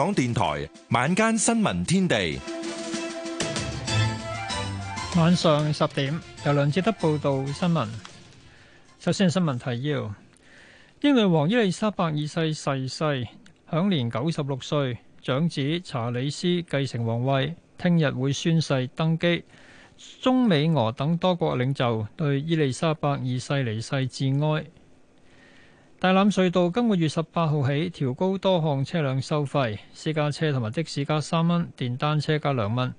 港電台晚間新聞天地，晚上十點由梁志德報道新聞。首先係新聞提要：英女王伊麗莎白二世逝世，享年九十六歲，長子查理斯繼承皇位，聽日會宣誓登基。中美俄等多國領袖對伊麗莎白二世離世致哀。大欖隧道今個月十八號起調高多項車輛收費，私家車同埋的士加三蚊，電單車加兩蚊。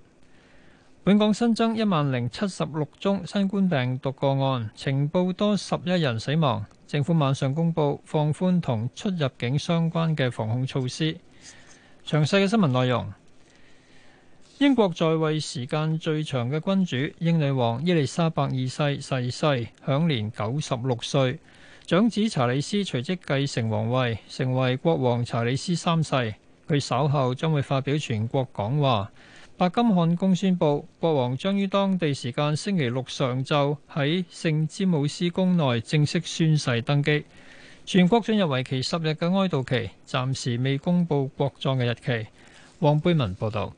本港新增一萬零七十六宗新冠病毒個案，呈報多十一人死亡。政府晚上公布放寬同出入境相關嘅防控措施。詳細嘅新聞內容。英國在位時間最長嘅君主英女王伊麗莎白二世逝世，享年九十六歲。長子查理斯隨即繼承皇位，成為國王查理斯三世。佢稍後將會發表全國講話。白金漢宮宣布，國王將於當地時間星期六上晝喺聖詹姆斯宮內正式宣誓登基。全國進入為期十日嘅哀悼期，暫時未公布國葬嘅日期。黃貝文報道。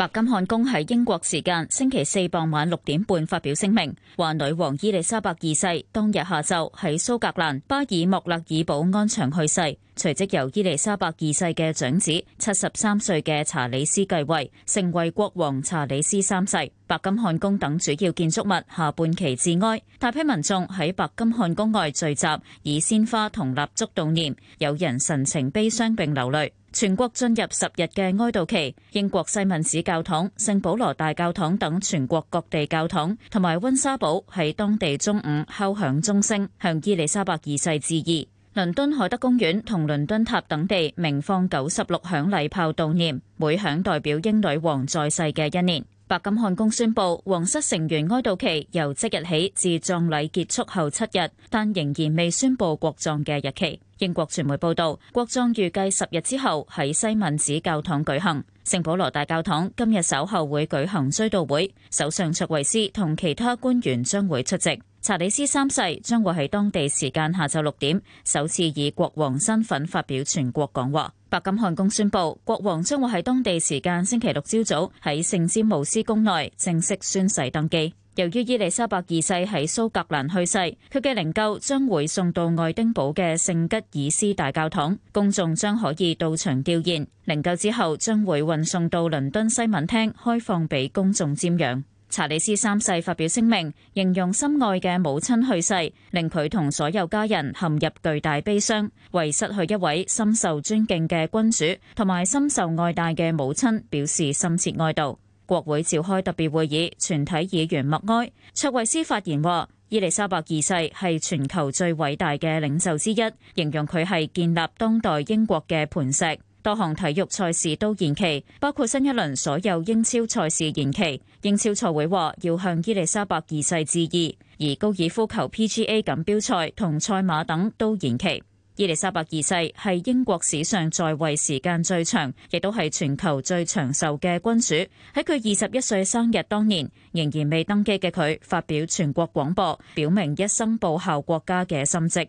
白金漢宮喺英國時間星期四傍晚六點半發表聲明，話女王伊麗莎白二世當日下晝喺蘇格蘭巴爾莫勒爾堡安詳去世。隨即由伊麗莎白二世嘅長子七十三歲嘅查理斯繼位，成為國王查理斯三世。白金漢宮等主要建築物下半旗致哀，大批民眾喺白金漢宮外聚集，以鮮花同蠟燭悼念，有人神情悲傷並流淚。全國進入十日嘅哀悼期。英國西敏寺教堂、聖保羅大教堂等全國各地教堂同埋溫莎堡喺當地中午敲響鐘聲，向伊麗莎白二世致意。倫敦海德公園同倫敦塔等地鳴放九十六響禮炮悼念，每響代表英女王在世嘅一年。白金漢宮宣布，皇室成員哀悼期由即日起至葬禮結束後七日，但仍然未宣布國葬嘅日期。英國傳媒報道，國葬預計十日之後喺西敏寺教堂舉行。聖保羅大教堂今日稍後會舉行追悼會，首相卓維斯同其他官員將會出席。查理斯三世將會喺當地時間下晝六點首次以國王身份發表全國講話。白金漢宮宣布，國王將會喺當地時間星期六朝早喺聖詹姆斯宮內正式宣誓登基。由於伊麗莎白二世喺蘇格蘭去世，佢嘅靈柩將會送到愛丁堡嘅聖吉爾斯大教堂，公眾將可以到場吊唁。靈柩之後將會運送到倫敦西敏廳開放俾公眾瞻仰。查理斯三世發表聲明，形容心愛嘅母親去世，令佢同所有家人陷入巨大悲傷，為失去一位深受尊敬嘅君主同埋深受愛戴嘅母親表示深切哀悼。國會召開特別會議，全體議員默哀。卓慧思發言話，伊麗莎白二世係全球最偉大嘅領袖之一，形容佢係建立當代英國嘅磐石。多項體育賽事都延期，包括新一輪所有英超賽事延期。英超賽會話要向伊麗莎白二世致意，而高爾夫球 PGA 錦標賽同賽馬等都延期。伊麗莎白二世係英國史上在位時間最長，亦都係全球最長壽嘅君主。喺佢二十一歲生日當年，仍然未登基嘅佢發表全國廣播，表明一生報效國家嘅心跡。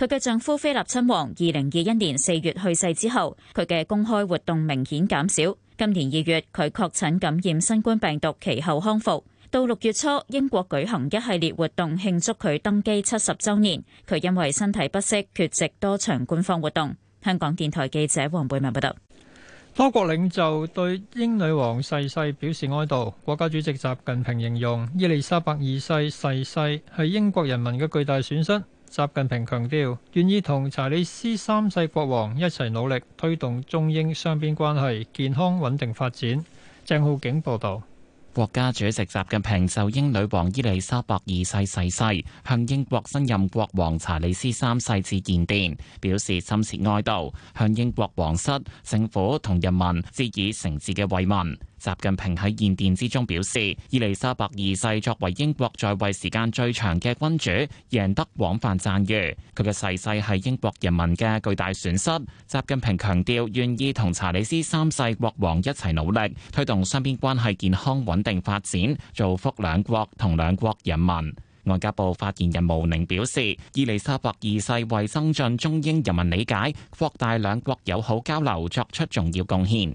佢嘅丈夫菲立親王二零二一年四月去世之後，佢嘅公開活動明顯減少。今年二月，佢確診感染新冠病毒，其後康復。到六月初，英國舉行一系列活動慶祝佢登基七十週年，佢因為身體不適缺席多場官方活動。香港電台記者黃貝文報道。多國領袖對英女王逝世表示哀悼。國家主席習近平形容伊利沙伯二世逝世係英國人民嘅巨大損失。習近平強調願意同查理斯三世國王，一齊努力推動中英雙邊關係健康穩定發展。鄭浩景報道，國家主席習近平就英女王伊麗莎白二世逝世、世、世，向英國新任國王查理斯三世致唁電，表示深切哀悼，向英國皇室、政府同人民致以誠摯嘅慰問。習近平喺唁電之中表示，伊利沙伯二世作為英國在位時間最長嘅君主，贏得廣泛讚譽。佢嘅逝世係英國人民嘅巨大損失。習近平強調，願意同查理斯三世國王一齊努力，推動雙邊關係健康穩定發展，造福兩國同兩國人民。外交部發言人毛寧表示，伊利沙伯二世為增進中英人民理解、擴大兩國友好交流作出重要貢獻。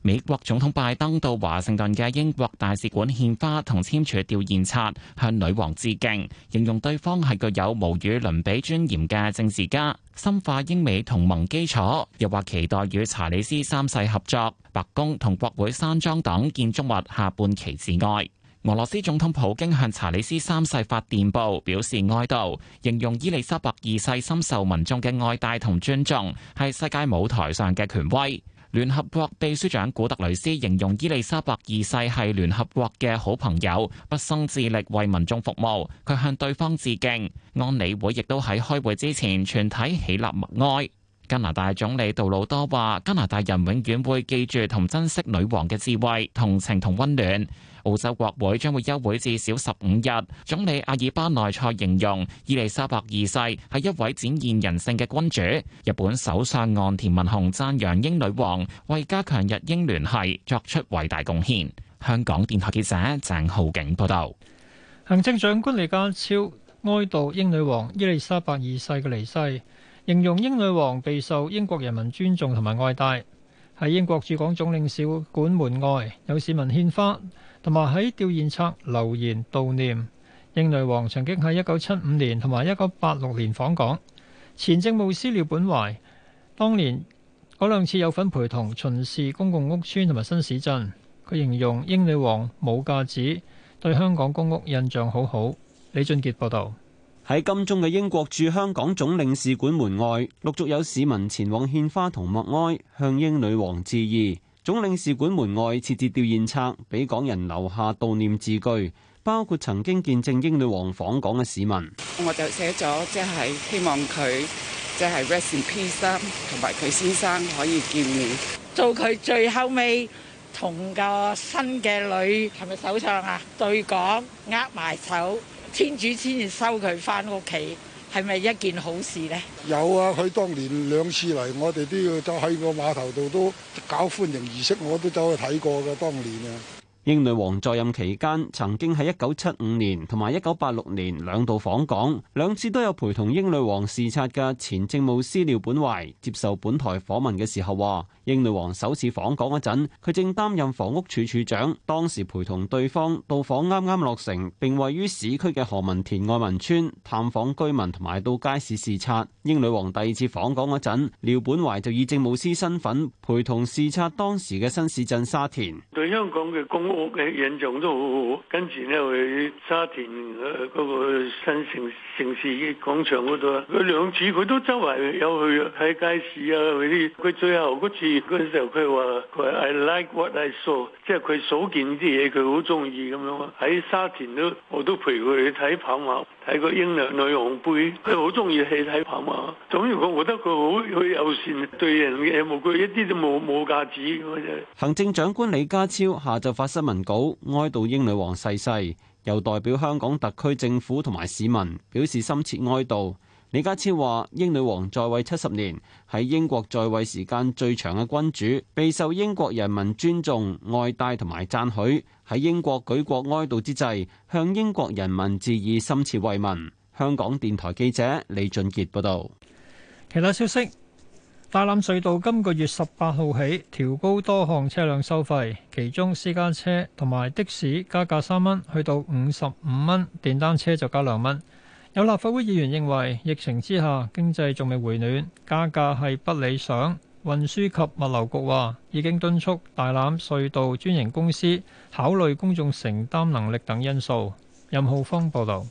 美國總統拜登到華盛頓嘅英國大使館獻花，同簽署悼念冊，向女王致敬，形容對方係具有無與倫比尊嚴嘅政治家，深化英美同盟基礎，又話期待與查理斯三世合作。白宮同國會山莊等建築物下半旗致哀。俄羅斯總統普京向查理斯三世發電報，表示哀悼，形容伊利莎白二世深受民眾嘅愛戴同尊重，係世界舞台上嘅權威。聯合國秘書長古特雷斯形容伊麗莎白二世係聯合國嘅好朋友，不屈不撓，致力為民眾服務。佢向對方致敬。安理會亦都喺開會之前全體起立默哀。加拿大總理杜魯多話：加拿大人永遠會記住同珍惜女王嘅智慧、同情同溫暖。澳洲國會將會休會至少十五日。總理阿爾巴內塞形容伊麗莎白二世係一位展現人性嘅君主。日本首相岸田文雄讚揚英女王為加強日英聯繫作出偉大貢獻。香港電台記者鄭浩景報道。行政長官李家超哀悼英女王伊麗莎白二世嘅離世，形容英女王備受英國人民尊重同埋愛戴。喺英國駐港總領事館門外有市民獻花，同埋喺弔唁冊留言悼念英女王。曾經喺一九七五年同埋一九八六年訪港。前政務司廖本懷當年嗰兩次有份陪同巡視公共屋邨同埋新市鎮，佢形容英女王冇架子，對香港公屋印象好好。李俊傑報道，喺金鐘嘅英國駐香港總領事館門外，陸續有市民前往獻花同默哀，向英女王致意。總領事館門外設置悼念冊，俾港人留下悼念字句，包括曾經見證英女王訪港嘅市民。我就寫咗，即係希望佢即係 rest in peace，同埋佢先生可以見面，做佢最後尾同個新嘅女係咪首唱啊？對講握埋手，天主先至收佢翻屋企。係咪一件好事呢？有啊，佢當年兩次嚟，我哋都要走喺個碼頭度都搞歡迎儀式，我都走去睇過㗎，當年啊。英女王在任期間曾經喺一九七五年同埋一九八六年兩度訪港，兩次都有陪同英女王視察嘅前政務司廖本懷接受本台訪問嘅時候話，英女王首次訪港嗰陣，佢正擔任房屋處處長，當時陪同對方到訪啱啱落成並位於市區嘅何文田愛民村探訪居民同埋到街市視察。英女王第二次訪港嗰陣，廖本懷就以政務司身份陪同視察當時嘅新市鎮沙田。對香港嘅公屋。我嘅印象都好好，跟住咧去沙田誒嗰個新城城市廣場嗰度啊，佢兩次佢都周圍有去睇街市啊啲，佢最後嗰次嗰時候佢話佢話 I like what I saw，即係佢所見啲嘢佢好中意咁樣啊，喺沙田都我都陪佢去睇跑馬，睇個英皇女王杯，佢好中意去睇跑馬。總之我覺得佢好佢友善對人嘅無佢一啲都冇冇架子。行政長官李家超下晝發生。文稿哀悼英女王逝世，又代表香港特區政府同埋市民表示深切哀悼。李家超話：英女王在位七十年，喺英國在位時間最長嘅君主，備受英國人民尊重、愛戴同埋讚許。喺英國舉國哀悼之際，向英國人民致以深切慰問。香港電台記者李俊杰報道。其他消息。大欖隧道今個月十八號起調高多項車輛收費，其中私家車同埋的士加價三蚊，去到五十五蚊；電單車就加兩蚊。有立法會議員認為，疫情之下經濟仲未回暖，加價係不理想。運輸及物流局話，已經敦促大欖隧道專營公司考慮公眾承擔能力等因素。任浩峰報道。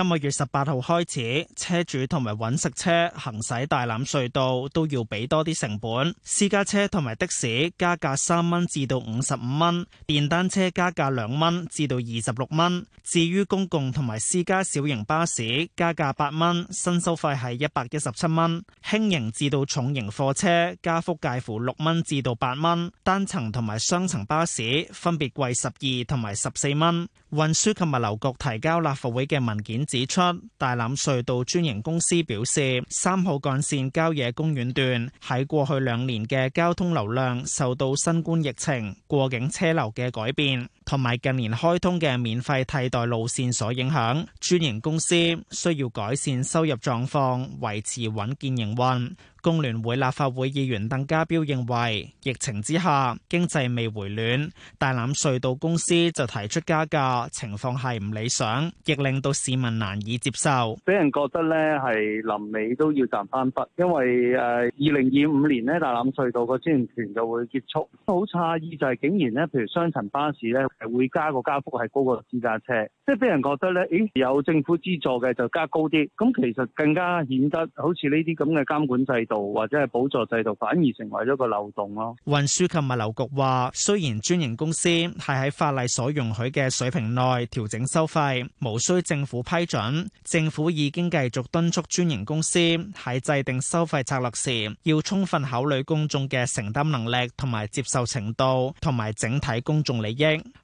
今個月十八號開始，車主同埋搵食車行駛大欖隧道都要俾多啲成本。私家車同埋的士加價三蚊至到五十五蚊，電單車加價兩蚊至到二十六蚊。至於公共同埋私家小型巴士加價八蚊，新收費係一百一十七蚊。輕型至到重型貨車加幅介乎六蚊至到八蚊，單層同埋雙層巴士分別貴十二同埋十四蚊。運輸及物流局提交立法會嘅文件指出，大欖隧道專營公司表示，三號幹線郊野公園段喺過去兩年嘅交通流量受到新冠疫情過境車流嘅改變。同埋近年開通嘅免費替代路線所影響，專營公司需要改善收入狀況，維持穩健營運，工聯會立法會議員鄧家彪認為疫情之下經濟未回暖，大欖隧道公司就提出加價情況係唔理想，亦令到市民難以接受。俾人覺得咧係臨尾都要賺翻筆，因為誒二零二五年咧大欖隧道個專營權就會結束。好詫異就係竟然咧，譬如雙層巴士咧。係會加個加幅係高過私家車，即係俾人覺得咧，誒有政府資助嘅就加高啲。咁其實更加顯得好似呢啲咁嘅監管制度或者係補助制度，反而成為咗個漏洞咯。運輸及物流局話，雖然專營公司係喺法例所容許嘅水平內調整收費，無需政府批准。政府已經繼續敦促專營公司喺制定收費策略時，要充分考慮公眾嘅承擔能力同埋接受程度同埋整體公眾利益。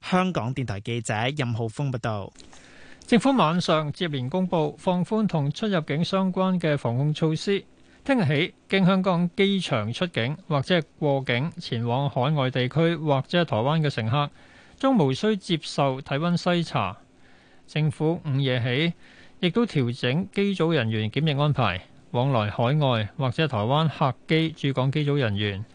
香港電台記者任浩峰報道，政府晚上接連公布放寬同出入境相關嘅防控措施。聽日起，經香港機場出境或者過境前往海外地區或者台灣嘅乘客，將無需接受體温篩查。政府午夜起亦都調整機組人員檢疫安排，往來海外或者台灣客機駐港機組人員。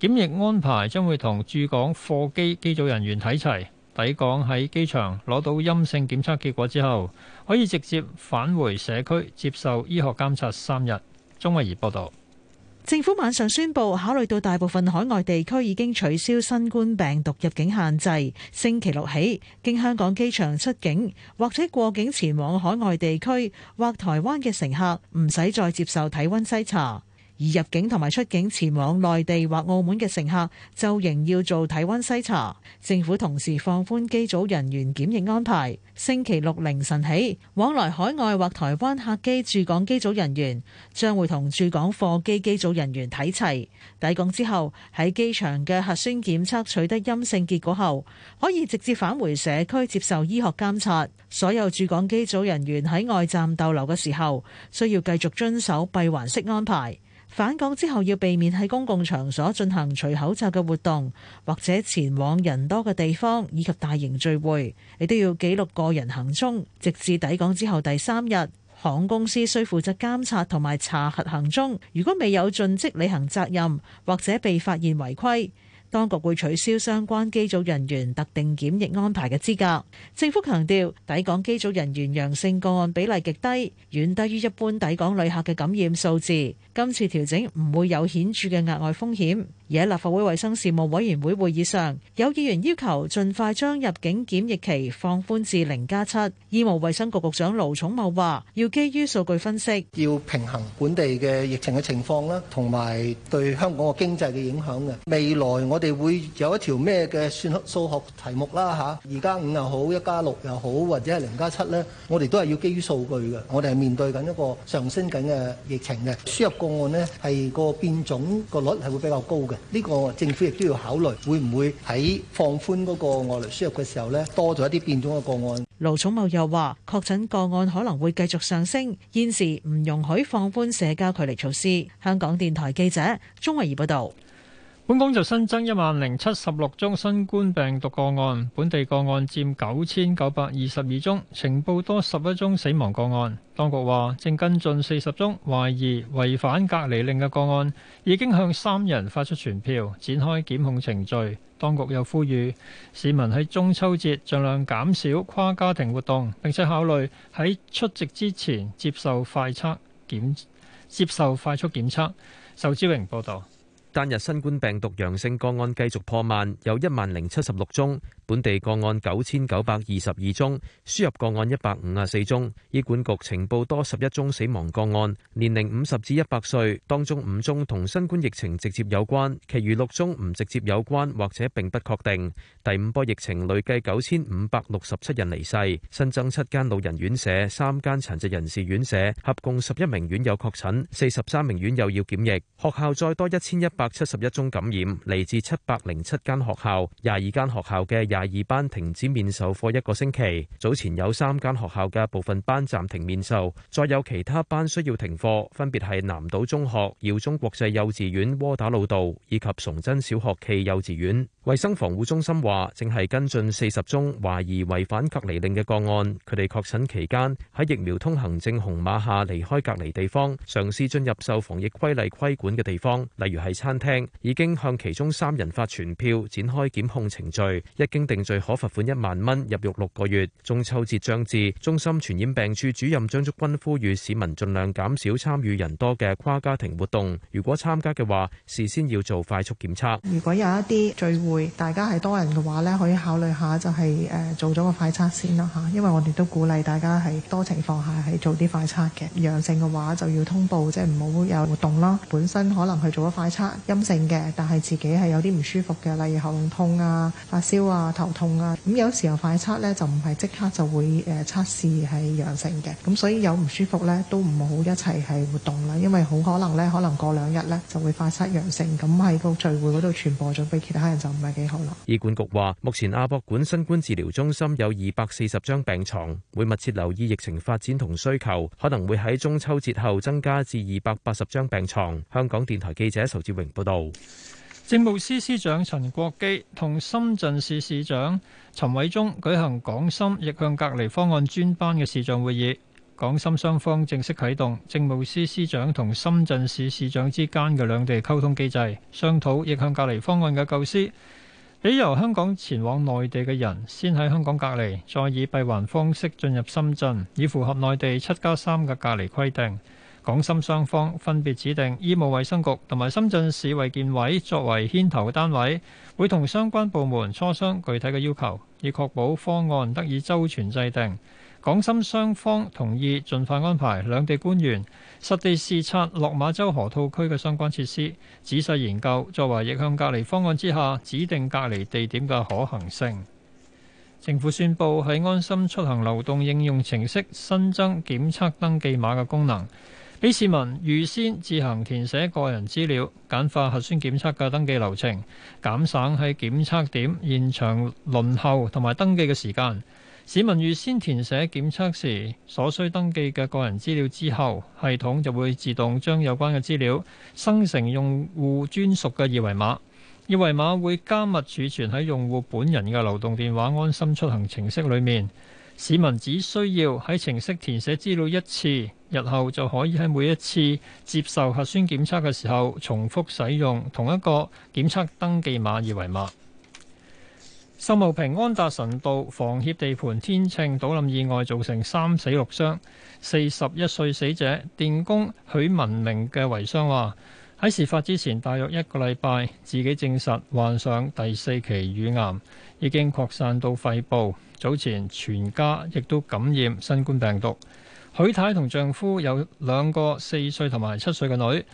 檢疫安排將會同駐港貨機機組人員睇齊，抵港喺機場攞到陰性檢測結果之後，可以直接返回社區接受醫學監察三日。鐘慧儀報道。政府晚上宣布，考慮到大部分海外地區已經取消新冠病毒入境限制，星期六起經香港機場出境或者過境前往海外地區或台灣嘅乘客，唔使再接受體溫篩查。而入境同埋出境前往內地或澳門嘅乘客，就仍要做體溫篩查。政府同時放寬機組人員檢疫安排。星期六凌晨起，往來海外或台灣客機駐港機組人員將會同駐港貨機機組人員睇齊，抵港之後喺機場嘅核酸檢測取得陰性結果後，可以直接返回社區接受醫學監察。所有駐港機組人員喺外站逗留嘅時候，需要繼續遵守閉環式安排。返港之後要避免喺公共場所進行除口罩嘅活動，或者前往人多嘅地方以及大型聚會。你都要記錄個人行蹤，直至抵港之後第三日。航空公司需負責監察同埋查核行蹤。如果未有盡職履行責任，或者被發現違規。當局會取消相關機組人員特定檢疫安排嘅資格。政府強調，抵港機組人員陽性個案比例極低，遠低於一般抵港旅客嘅感染數字。今次調整唔會有顯著嘅額外風險。而喺立法會衛生事務委員會會議上，有議員要求盡快將入境檢疫期放寬至零加七。醫務衛生局局長盧寵茂話要基於數據分析，要平衡本地嘅疫情嘅情況啦，同埋對香港嘅經濟嘅影響嘅。未來，我哋會有一條咩嘅數學題目啦吓，二加五又好，一加六又好，或者係零加七咧，我哋都係要基於數據嘅。我哋係面對緊一個上升緊嘅疫情嘅輸入個案咧，係個變種個率係會比較高嘅。呢個政府亦都要考慮，會唔會喺放寬嗰個外來輸入嘅時候咧，多咗一啲變種嘅個案？盧寵茂又話，確診個案可能會繼續上升，現時唔容許放寬社交距離措施。香港電台記者鍾慧儀報道。本港就新增一萬零七十六宗新冠病毒個案，本地個案佔九千九百二十二宗，呈報多十一宗死亡個案。當局話正跟進四十宗懷疑違反隔離令嘅個案，已經向三人發出傳票，展開檢控程序。當局又呼籲市民喺中秋節盡量減少跨家庭活動，並且考慮喺出席之前接受快測檢接受快速檢測，仇志榮報道。單日新冠病毒陽性個案繼續破萬，有一萬零七十六宗，本地個案九千九百二十二宗，輸入個案一百五十四宗。醫管局情報多十一宗死亡個案，年齡五十至一百歲，當中五宗同新冠疫情直接有關，其餘六宗唔直接有關或者並不確定。第五波疫情累計九千五百六十七人離世，新增七間老人院舍、三間殘疾人士院舍，合共十一名院友確診，四十三名院友要檢疫。學校再多一千一。一百七十一宗感染嚟自七百零七間學校，廿二間學校嘅廿二班停止面授課一個星期。早前有三間學校嘅部分班暫停面授，再有其他班需要停課，分別係南島中學、耀中國際幼稚園、窩打老道以及崇真小學暨幼稚園。衛生防護中心話，正係跟進四十宗懷疑違反隔離令嘅個案，佢哋確診期間喺疫苗通行證紅碼下離開隔離地方，嘗試進入受防疫規例規管嘅地方，例如係餐廳已經向其中三人發傳票，展開檢控程序。一經定罪，可罰款一萬蚊，入獄六個月。中秋節將至，中心傳染病處主任張竹君呼籲市民盡量減少參與人多嘅跨家庭活動。如果參加嘅話，事先要做快速檢測。如果有一啲聚會，大家係多人嘅話呢，可以考慮下就係誒做咗個快測先啦嚇，因為我哋都鼓勵大家係多情況下係做啲快測嘅。陽性嘅話就要通報，即係唔好有活動啦。本身可能去做咗快測。陰性嘅，但係自己係有啲唔舒服嘅，例如喉嚨痛啊、發燒啊、頭痛啊。咁、嗯、有時候快測呢，就唔係即刻就會誒測試係陽性嘅，咁、嗯、所以有唔舒服呢，都唔好一齊係活動啦，因為好可能呢，可能過兩日呢，就會快測陽性，咁、嗯、喺個聚會嗰度傳播咗俾其他人就唔係幾好啦。醫管局話，目前亞博館新冠治療中心有二百四十張病床，會密切留意疫情發展同需求，可能會喺中秋節後增加至二百八十張病床。香港電台記者仇志榮。報道：政務司司長陳國基同深圳市市長陳偉忠舉行港深逆向隔離方案專班嘅視像會議，港深雙方正式啟動政務司司長同深圳市市長之間嘅兩地溝通機制，商討逆向隔離方案嘅構思，俾由香港前往內地嘅人先喺香港隔離，再以閉環方式進入深圳，以符合內地七加三嘅隔離規定。港深雙方分別指定醫務衛生局同埋深圳市衛健委作為牽頭單位，會同相關部門磋商具體嘅要求，以確保方案得以周全制定。港深雙方同意盡快安排兩地官員實地視察落馬洲河套區嘅相關設施，仔細研究作為逆向隔離方案之下指定隔離地點嘅可行性。政府宣布喺安心出行流動應用程式新增檢測登記碼嘅功能。俾市民預先自行填寫個人資料，簡化核酸檢測嘅登記流程，減省喺檢測點現場輪候同埋登記嘅時間。市民預先填寫檢測時所需登記嘅個人資料之後，系統就會自動將有關嘅資料生成用戶專屬嘅二維碼。二維碼會加密儲存喺用戶本人嘅流動電話安心出行程式裏面。市民只需要喺程式填寫資料一次。日後就可以喺每一次接受核酸檢測嘅時候，重複使用同一個檢測登記碼二維碼。秀茂坪安達臣道防協地盤天秤倒冧意外造成三死六傷，四十一歲死者電工許文明嘅遺孀話：喺事發之前大約一個禮拜，自己證實患上第四期乳癌，已經擴散到肺部。早前全家亦都感染新冠病毒。許太同丈夫有兩個四歲同埋七歲嘅女。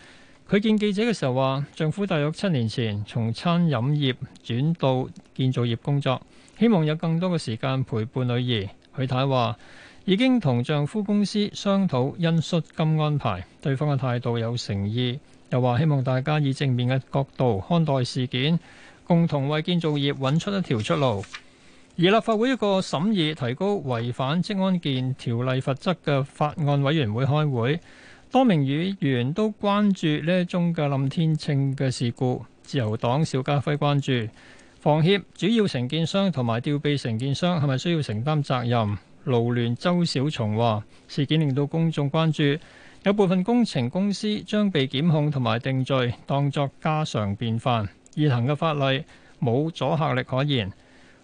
佢見記者嘅時候話：丈夫大約七年前從餐飲業轉到建造業工作，希望有更多嘅時間陪伴女兒。許太話已經同丈夫公司商討恩恤金安排，對方嘅態度有誠意。又話希望大家以正面嘅角度看待事件，共同為建造業揾出一條出路。而立法會一個審議提高違反《職安健條例》罰則嘅法案委員會開會，多名議員都關注呢一宗嘅冧天秤嘅事故。自由黨邵家輝關注房協主要承建商同埋吊臂承建商係咪需要承擔責任？勞聯周小松話：事件令到公眾關注，有部分工程公司將被檢控同埋定罪當作家常便飯，現行嘅法例冇阻嚇力可言。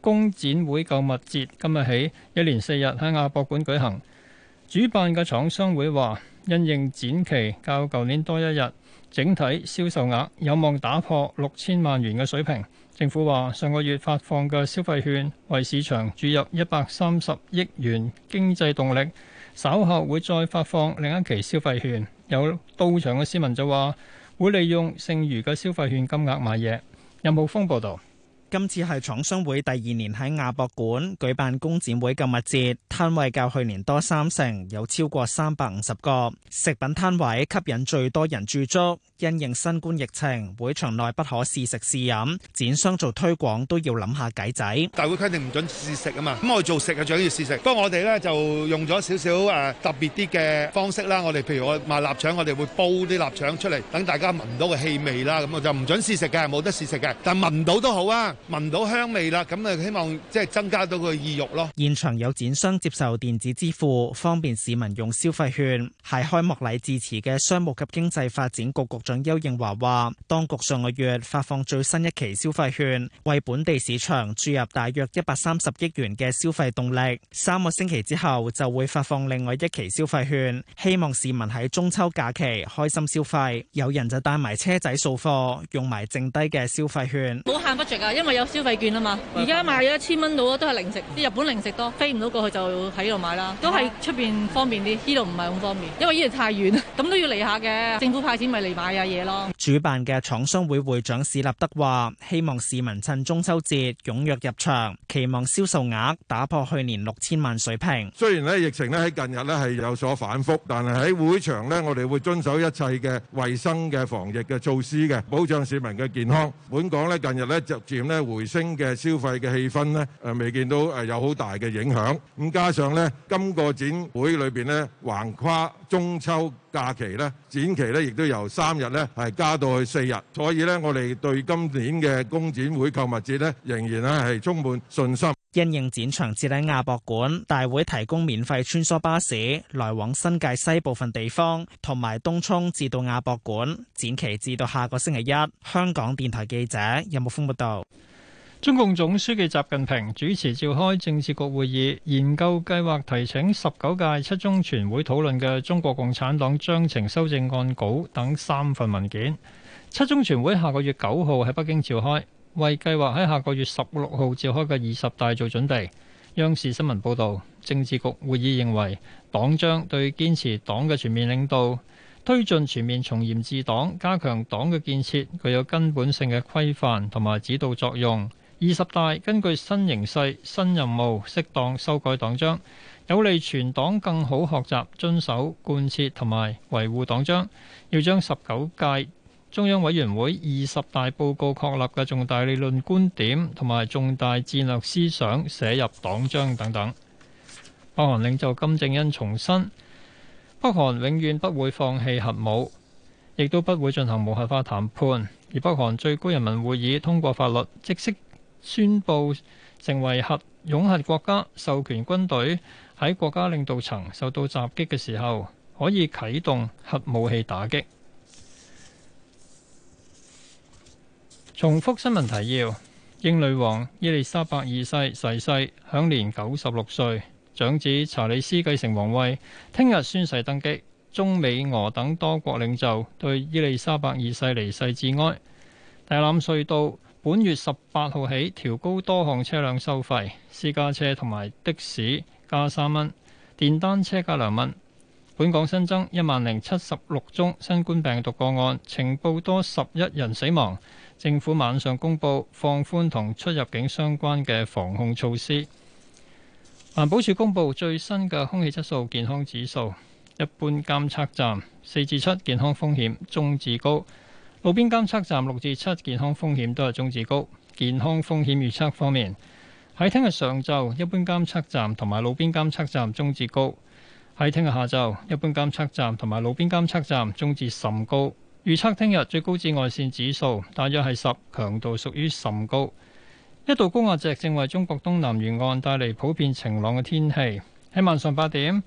工展會購物節今日起一連四日喺亞博館舉行，主辦嘅廠商會話，因應展期較舊年多一日，整體銷售額有望打破六千萬元嘅水平。政府話上個月發放嘅消費券為市場注入一百三十億元經濟動力，稍後會再發放另一期消費券。有到場嘅市民就話，會利用剩餘嘅消費券金額買嘢。任浩峯報導。今次係廠商會第二年喺亞博館舉辦工展會購物節，攤位較去年多三成，有超過三百五十個食品攤位，吸引最多人駐足。因應新冠疫情，會場內不可試食試飲。展商做推廣都要諗下計仔。大會規定唔準試食啊嘛，咁我做食嘅最緊要試食。不過我哋咧就用咗少少誒特別啲嘅方式啦。我哋譬如我賣臘腸，我哋會煲啲臘腸出嚟，等大家聞到個氣味啦。咁我就唔準試食嘅，冇得試食嘅。但聞到都好啊，聞到香味啦，咁啊希望即係增加到個意欲咯。現場有展商接受電子支付，方便市民用消費券。喺開幕禮致辭嘅商務及經濟發展局局邱應華話：當局上個月發放最新一期消費券，為本地市場注入大約一百三十億元嘅消費動力。三個星期之後就會發放另外一期消費券，希望市民喺中秋假期開心消費。有人就帶埋車仔掃貨，用埋剩低嘅消費券。冇限不 u 啊，因為有消費券啊嘛。而家買咗一千蚊到都係零食，啲日本零食多，飛唔到過去就喺度買啦，都係出邊方便啲，呢度唔係咁方便，因為呢度太遠，咁都要嚟下嘅。政府派錢咪嚟買。嘅嘢咯。主辦嘅廠商會會長史立德話，希望市民趁中秋節踴躍入場，期望銷售額打破去年六千萬水平。雖然咧疫情咧喺近日咧係有所反復，但係喺會場咧，我哋會遵守一切嘅衛生嘅防疫嘅措施嘅，保障市民嘅健康。本港咧近日咧逐漸咧回升嘅消費嘅氣氛咧，誒未見到誒有好大嘅影響，咁加上咧今個展會裏邊咧橫跨中秋假期咧展期咧，亦都有三日。呢係加到去四日，所以呢，我哋對今年嘅工展會購物節呢，仍然呢係充滿信心。因應展場設喺亞博館，大會提供免費穿梭巴士來往新界西部分地方同埋東涌至到亞博館，展期至到下個星期一。香港電台記者任木峰報道。有中共總書記習近平主持召開政治局會議，研究計劃提請十九屆七中全會討論嘅中國共產黨章程修正案稿等三份文件。七中全會下個月九號喺北京召開，為計劃喺下個月十六號召開嘅二十大做準備。央視新聞報道，政治局會議認為，黨章對堅持黨嘅全面領導、推進全面從嚴治黨、加強黨嘅建設具有根本性嘅規範同埋指導作用。二十大根據新形勢、新任務，適當修改黨章，有利全黨更好學習、遵守、貫徹同埋維護黨章。要將十九屆中央委員會二十大報告確立嘅重大理論觀點同埋重大戰略思想寫入黨章等等。北韓領袖金正恩重申，北韓永遠不會放棄核武，亦都不會進行無核化談判。而北韓最高人民會議通過法律，即識宣布成為核擁核國家，授權軍隊喺國家領導層受到襲擊嘅時候，可以啟動核武器打擊。重複新聞提要：英女王伊麗莎白二世逝世，享年九十六歲，長子查理斯繼承皇位，聽日宣誓登基。中美俄等多國領袖對伊麗莎白二世離世致哀。大欖隧道本月十八號起調高多項車輛收費，私家車同埋的士加三蚊，電單車加兩蚊。本港新增一萬零七十六宗新冠病毒個案，呈報多十一人死亡。政府晚上公佈放寬同出入境相關嘅防控措施。環保署公布最新嘅空氣質素健康指數，一般監測站四至七健康風險，中至高。路邊監測站六至七健康風險都係中至高。健康風險預測方面，喺聽日上晝一般監測站同埋路邊監測站中至高；喺聽日下晝一般監測站同埋路邊監測站中至甚高。預測聽日最高紫外線指數大約係十，強度屬於甚高。一道高壓脊正為中國東南沿岸帶嚟普遍晴朗嘅天氣。喺晚上八點。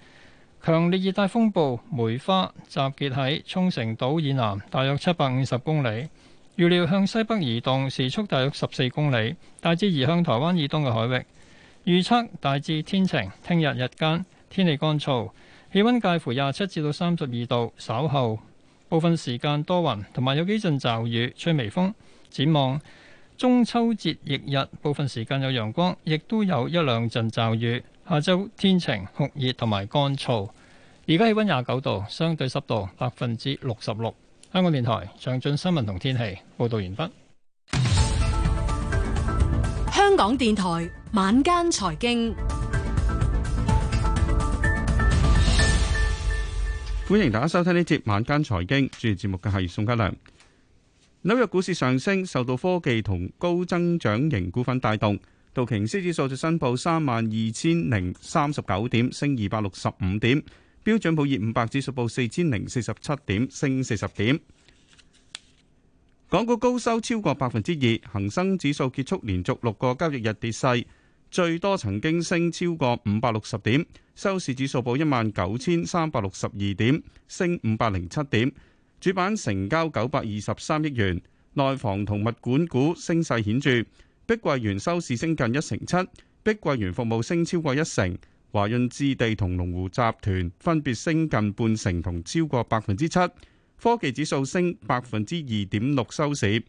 強烈熱帶風暴梅花集結喺沖繩島以南，大約七百五十公里，預料向西北移動，時速大約十四公里，大致移向台灣以東嘅海域。預測大致天晴，聽日日間天氣乾燥，氣溫介乎廿七至到三十二度，稍後部分時間多雲，同埋有幾陣驟雨，吹微風。展望中秋節翌日，部分時間有陽光，亦都有一兩陣驟雨。亞洲天晴、酷熱同埋乾燥。而家氣温廿九度，相對濕度百分之六十六。香港電台詳盡新聞同天氣報導完畢。香港電台晚間財經，歡迎大家收聽呢節晚間財經，主持節目嘅係宋嘉良。紐約股市上升，受到科技同高增長型股份帶動。道瓊斯指數最新報三萬二千零三十九點，升二百六十五點；標準普爾五百指數報四千零四十七點，升四十點。港股高收超過百分之二，恒生指數結束連續六個交易日跌勢，最多曾經升超過五百六十點，收市指數報一萬九千三百六十二點，升五百零七點。主板成交九百二十三億元，內房同物管股升勢顯著。碧桂園收市升近一成七，碧桂園服務升超過一成，華潤置地同龍湖集團分別升近半成同超過百分之七，科技指數升百分之二點六收市。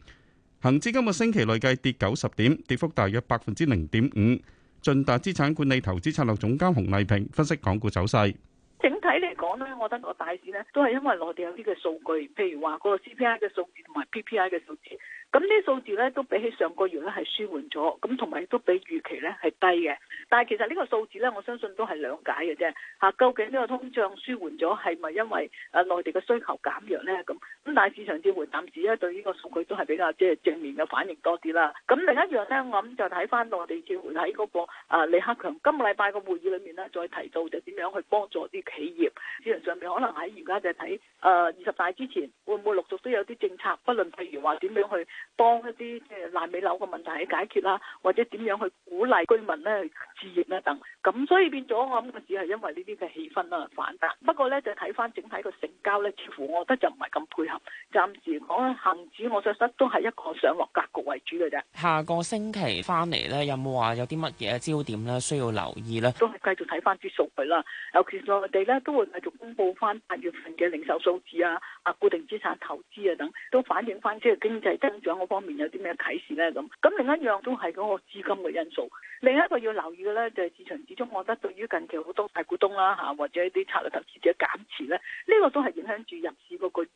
恒指今個星期累計跌九十點，跌幅大約百分之零點五。晉達資產管理投資策略總監洪麗萍分析港股走勢。整體嚟講呢，我覺得個大市呢都係因為內地有啲嘅數據，譬如話個 CPI 嘅數字同埋 PPI 嘅數字。咁呢啲數字咧都比起上個月咧係舒緩咗，咁同埋都比預期咧係低嘅。但係其實呢個數字咧，我相信都係兩解嘅啫。吓，究竟呢個通脹舒緩咗係咪因為誒、呃、內地嘅需求減弱咧？咁咁但係市場召回暫時咧對呢個數據都係比較即係、呃、正面嘅反應多啲啦。咁另一樣咧，我諗就睇翻內地召回喺嗰個、呃、李克強今個禮拜個會議裏面咧，再提到就點樣去幫助啲企業。市場上面可能喺而家就睇誒二十大之前會唔會陸續都有啲政策，不論譬如話點樣去，幫一啲即係爛尾樓嘅問題去解決啦，或者點樣去鼓勵居民咧置業咧等，咁所以變咗我諗，佢只係因為呢啲嘅氣氛啊，反彈。不過咧，就睇翻整體個成交咧，似乎我覺得就唔係咁配合。暫時嚟講恒指我覺得都係一個上落格局為主嘅啫。下個星期翻嚟咧，有冇話有啲乜嘢焦點咧，需要留意咧？都係繼續睇翻啲數據啦。尤其是我哋咧，都會繼續公布翻八月份嘅零售數字啊、啊固定資產投資啊等，都反映翻即係經濟增長嗰方面有啲咩啟示咧咁。咁另一樣都係嗰個資金嘅因素。另一個要留意嘅咧，就係、是、市場始終我覺得對於近期好多大股東啦、啊、嚇，或者一啲策略投資者減持咧，呢、呢個都係影響住入市嗰、嗰個。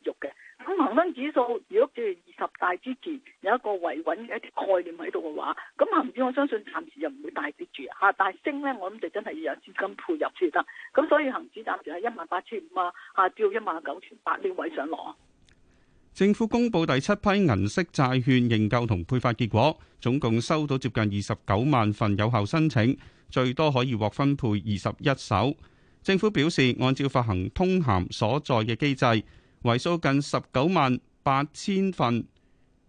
指數如果即係二十大之前有一個維穩嘅一啲概念喺度嘅話，咁恆指我相信暫時又唔會大跌住吓，但係升呢，我諗就真係要有資金配入先得。咁所以恆指暫時係一萬八千五啊，啊，照一萬九千八呢位上落。政府公布第七批銀色債券認購同配發結果，總共收到接近二十九萬份有效申請，最多可以獲分配二十一手。政府表示，按照發行通函所在嘅機制。為數近十九萬八千份，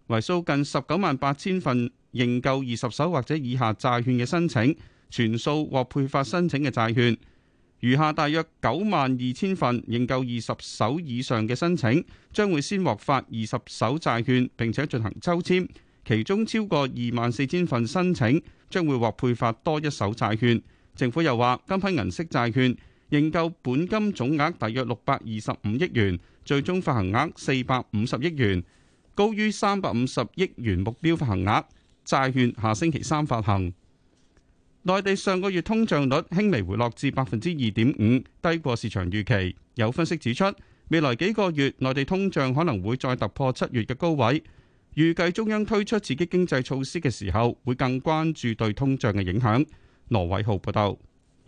為數近十九萬八千份認購二十手或者以下債券嘅申請，全數獲配發申請嘅債券。餘下大約九萬二千份認購二十手以上嘅申請，將會先獲發二十手債券，並且進行抽籤。其中超過二萬四千份申請將會獲配發多一手債券。政府又話，今批銀色債券。認購本金總額大約六百二十五億元，最終發行額四百五十億元，高於三百五十億元目標發行額。債券下星期三發行。內地上個月通脹率輕微回落至百分之二點五，低過市場預期。有分析指出，未來幾個月內地通脹可能會再突破七月嘅高位。預計中央推出刺激經濟措施嘅時候，會更關注對通脹嘅影響。羅偉浩報道。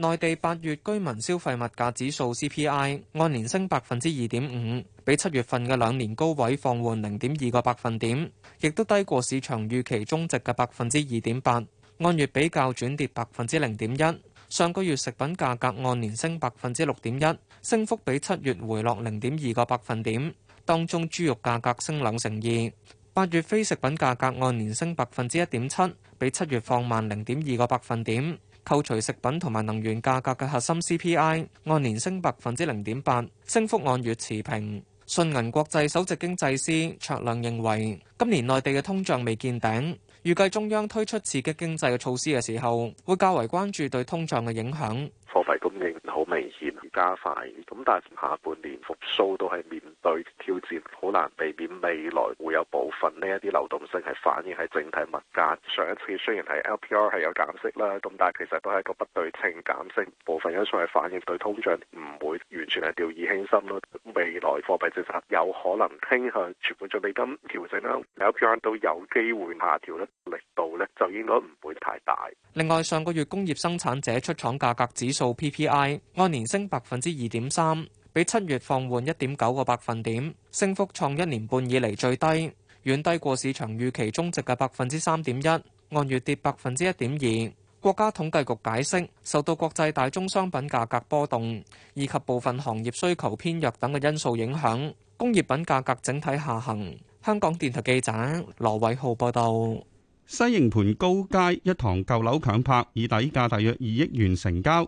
內地八月居民消費物價指數 CPI 按年升百分之二點五，比七月份嘅兩年高位放緩零點二個百分點，亦都低過市場預期中值嘅百分之二點八。按月比較轉跌百分之零點一。上個月食品價格按年升百分之六點一，升幅比七月回落零點二個百分點。當中豬肉價格升兩成二。八月非食品價格按年升百分之一點七，比七月放慢零點二個百分點。扣除食品同埋能源價格嘅核心 CPI 按年升百分之零點八，升幅按月持平。信銀國際首席經濟師卓亮認為，今年內地嘅通脹未見頂，預計中央推出刺激經濟嘅措施嘅時候，會較為關注對通脹嘅影響。貨幣供應好明顯加快，咁但係下半年復蘇都係面對挑戰，好難避免未來會有部分呢一啲流動性係反映喺整體物價。上一次雖然係 LPR 係有減息啦，咁但係其實都係一個不對稱減息，部分因素係反映對通脹唔會完全係掉以輕心咯。未來貨幣政策有可能傾向存款準備金調整啦，LPR 都有機會下調咧，力度咧就應該唔會太大。另外，上個月工業生產者出廠價格指數。做 PPI 按年升百分之二點三，比七月放緩一點九個百分點，升幅創一年半以嚟最低，遠低過市場預期中值嘅百分之三點一，按月跌百分之一點二。國家統計局解釋，受到國際大宗商品價格波動以及部分行業需求偏弱等嘅因素影響，工業品價格整體下行。香港電台記者羅偉浩報道。西營盤高街一堂舊樓強拍，以底價大約二億元成交。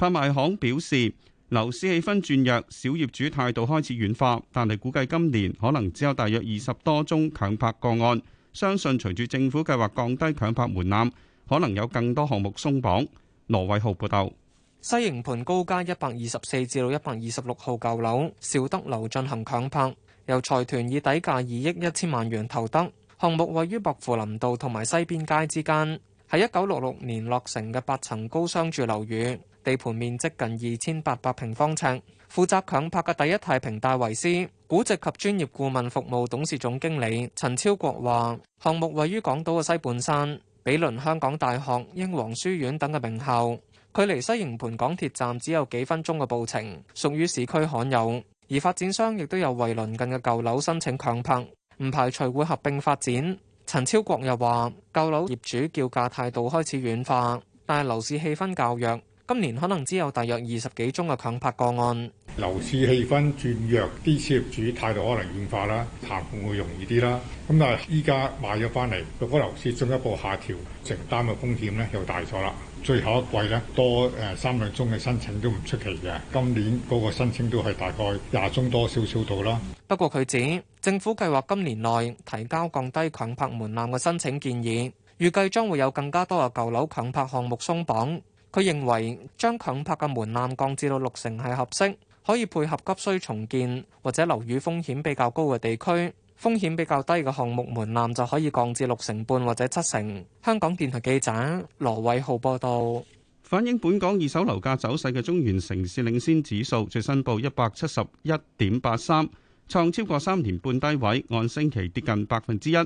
拍賣行表示，樓市氣氛轉弱，小業主態度開始軟化，但係估計今年可能只有大約二十多宗強拍個案。相信隨住政府計劃降低強拍門檻，可能有更多項目鬆綁。羅偉豪報道：西營盤高街一百二十四至到一百二十六號舊樓少德樓進行強拍，由財團以底價二億一千萬元投得。項目位於薄扶林道同埋西邊街之間，喺一九六六年落成嘅八層高商住樓宇。地盤面積近二千八百平方尺，負責強拍嘅第一太平戴維斯估值及專業顧問服務董事總經理陳超國話，項目位於港島嘅西半山，比鄰香港大學、英皇書院等嘅名校，距離西營盤港鐵站只有幾分鐘嘅步程，屬於市區罕有。而發展商亦都有為鄰近嘅舊樓申請強拍，唔排除會合併發展。陳超國又話，舊樓業主叫價態度開始軟化，但係樓市氣氛較弱。今年可能只有大約二十幾宗嘅強拍個案，樓市氣氛轉弱，啲業主態度可能軟化啦，談判會容易啲啦。咁但係依家買咗翻嚟，如果樓市進一步下調，承擔嘅風險咧又大咗啦。最後一季咧多誒三兩宗嘅申請都唔出奇嘅，今年嗰個申請都係大概廿宗多少少度啦。不過佢指政府計劃今年內提交降低強拍門檻嘅申請建議，預計將會有更加多嘅舊樓強拍項，項，項目鬆綁。佢認為將強拍嘅門檻降至到六成係合適，可以配合急需重建或者樓宇風險比較高嘅地區，風險比較低嘅項目門檻就可以降至六成半或者七成。香港電台記者羅偉浩報道。反映本港二手樓價走勢嘅中原城市領先指數最新報一百七十一點八三，創超過三年半低位，按星期跌近百分之一，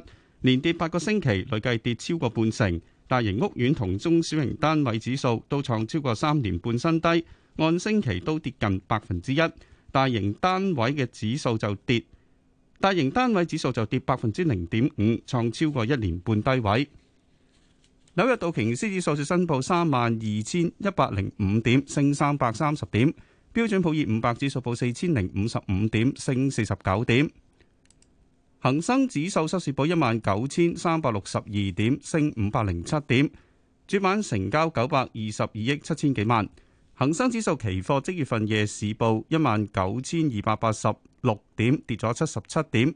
連跌八個星期，累計跌超過半成。大型屋苑同中小型單位指數都創超過三年半新低，按星期都跌近百分之一。大型單位嘅指數就跌，大型單位指數就跌百分之零點五，創超過一年半低位。紐約道瓊斯指數是收報三萬二千一百零五點，升三百三十點。標準普爾五百指數報四千零五十五點，升四十九點。恒生指數收市報一萬九千三百六十二點，升五百零七點。主板成交九百二十二億七千幾萬。恒生指數期貨即月份夜市報一萬九千二百八十六點，跌咗七十七點。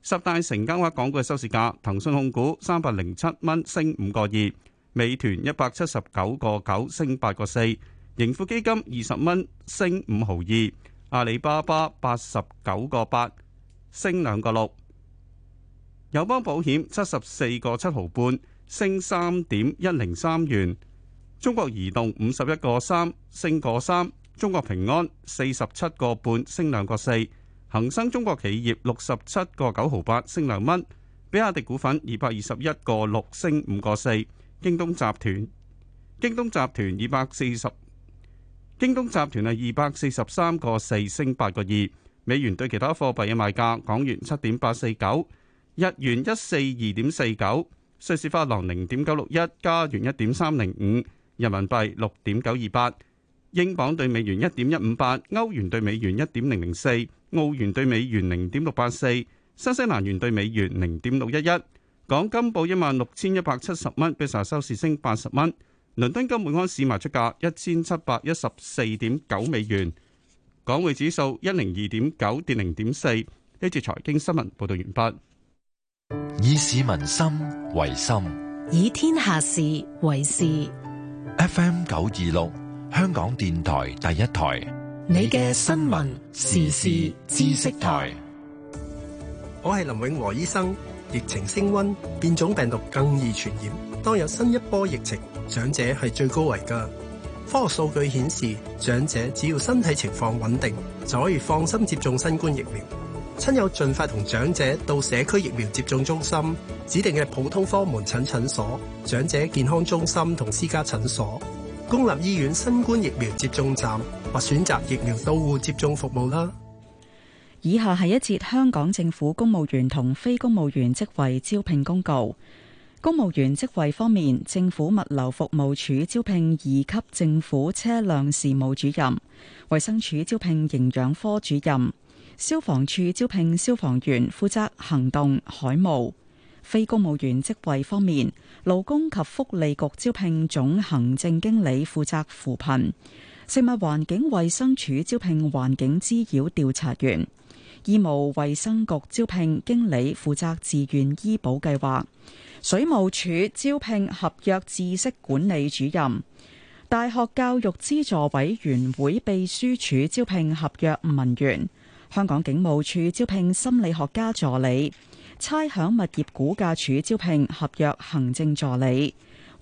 十大成交額港股嘅收市價：騰訊控股三百零七蚊，升五個二；美團一百七十九個九，升八個四；盈富基金二十蚊，升五毫二；阿里巴巴八十九個八，升兩個六。友邦保險七十四個七毫半，升三點一零三元。中國移動五十一個三，升個三。中國平安四十七個半，升兩個四。恒生中國企業六十七個九毫八，升兩蚊。比亞迪股份二百二十一個六，升五個四。京東集團京東集團二百四十京東集團係二百四十三個四，升八個二。美元對其他貨幣嘅賣價，港元七點八四九。日元一四二點四九，瑞士法郎零點九六一，加元一點三零五，人民幣六點九二八，英鎊兌美元一點一五八，歐元兌美元一點零零四，澳元兌美元零點六八四，新西蘭元兌美元零點六一一。港金報一萬六千一百七十蚊，比成日收市升八十蚊。倫敦金每盎司賣出價一千七百一十四點九美元。港匯指數一零二點九跌零點四。呢次財經新聞報道完畢。以市民心為心，以天下事為事。FM 九二六，香港電台第一台，你嘅新聞時事知識台。我係林永和醫生。疫情升溫，變種病毒更易傳染。當有新一波疫情，長者係最高危㗎。科學數據顯示，長者只要身體情況穩定，就可以放心接種新冠疫苗。親友盡快同長者到社區疫苗接種中心、指定嘅普通科門診診所、長者健康中心同私家診所、公立醫院新冠疫苗接種站或選擇疫苗到戶接種服務啦。以下係一節香港政府公務員同非公務員職位招聘公告。公務員職位方面，政府物流服務署招聘二級政府車輛事務主任，衛生署招聘營養科主任。消防處招聘消防員，負責行動海務。非公務員職位方面，勞工及福利局招聘總行政經理，負責扶貧。食物環境衛生署招聘環境滋擾調查員，醫務衛生局招聘經理，負責自願醫保計劃，水務署招聘合約知識管理主任，大學教育資助委員會秘書處招聘合約文員。香港警務處招聘心理學家助理，差餉物業估價署招聘合約行政助理，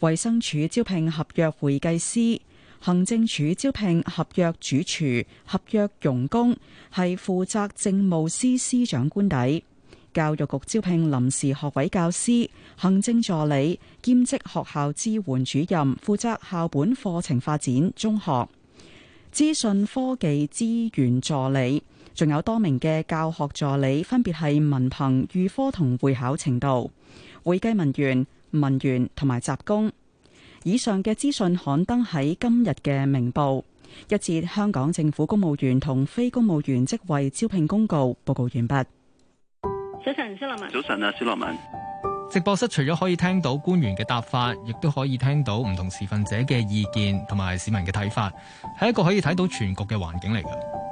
衛生署招聘合約會計師，行政署招聘合約主廚，合約傭工係負責政務司司長官邸。教育局招聘臨時學位教師、行政助理兼職學校支援主任，負責校本課程發展中學資訊科技資源助理。仲有多名嘅教學助理，分別係文憑預科同會考程度會計文員、文員同埋雜工。以上嘅資訊刊登喺今日嘅明報一節香港政府公務員同非公務員職位招聘公告。報告完畢。早晨，小羅文。早晨啊，小羅文。直播室除咗可以聽到官員嘅答法，亦都可以聽到唔同示份者嘅意見同埋市民嘅睇法，係一個可以睇到全局嘅環境嚟嘅。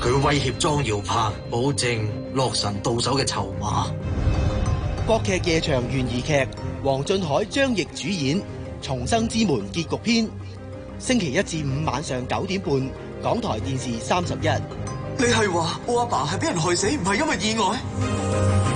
佢威脅莊耀柏，保證洛神到手嘅籌碼。國劇夜場懸疑劇，王俊凱、張譯主演《重生之門》結局篇，星期一至五晚上九點半，港台電視三十一。你係話我阿爸係俾人害死，唔係因為意外？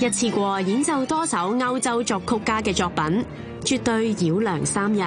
一次過演奏多首歐洲作曲家嘅作品，絕對繞梁三日。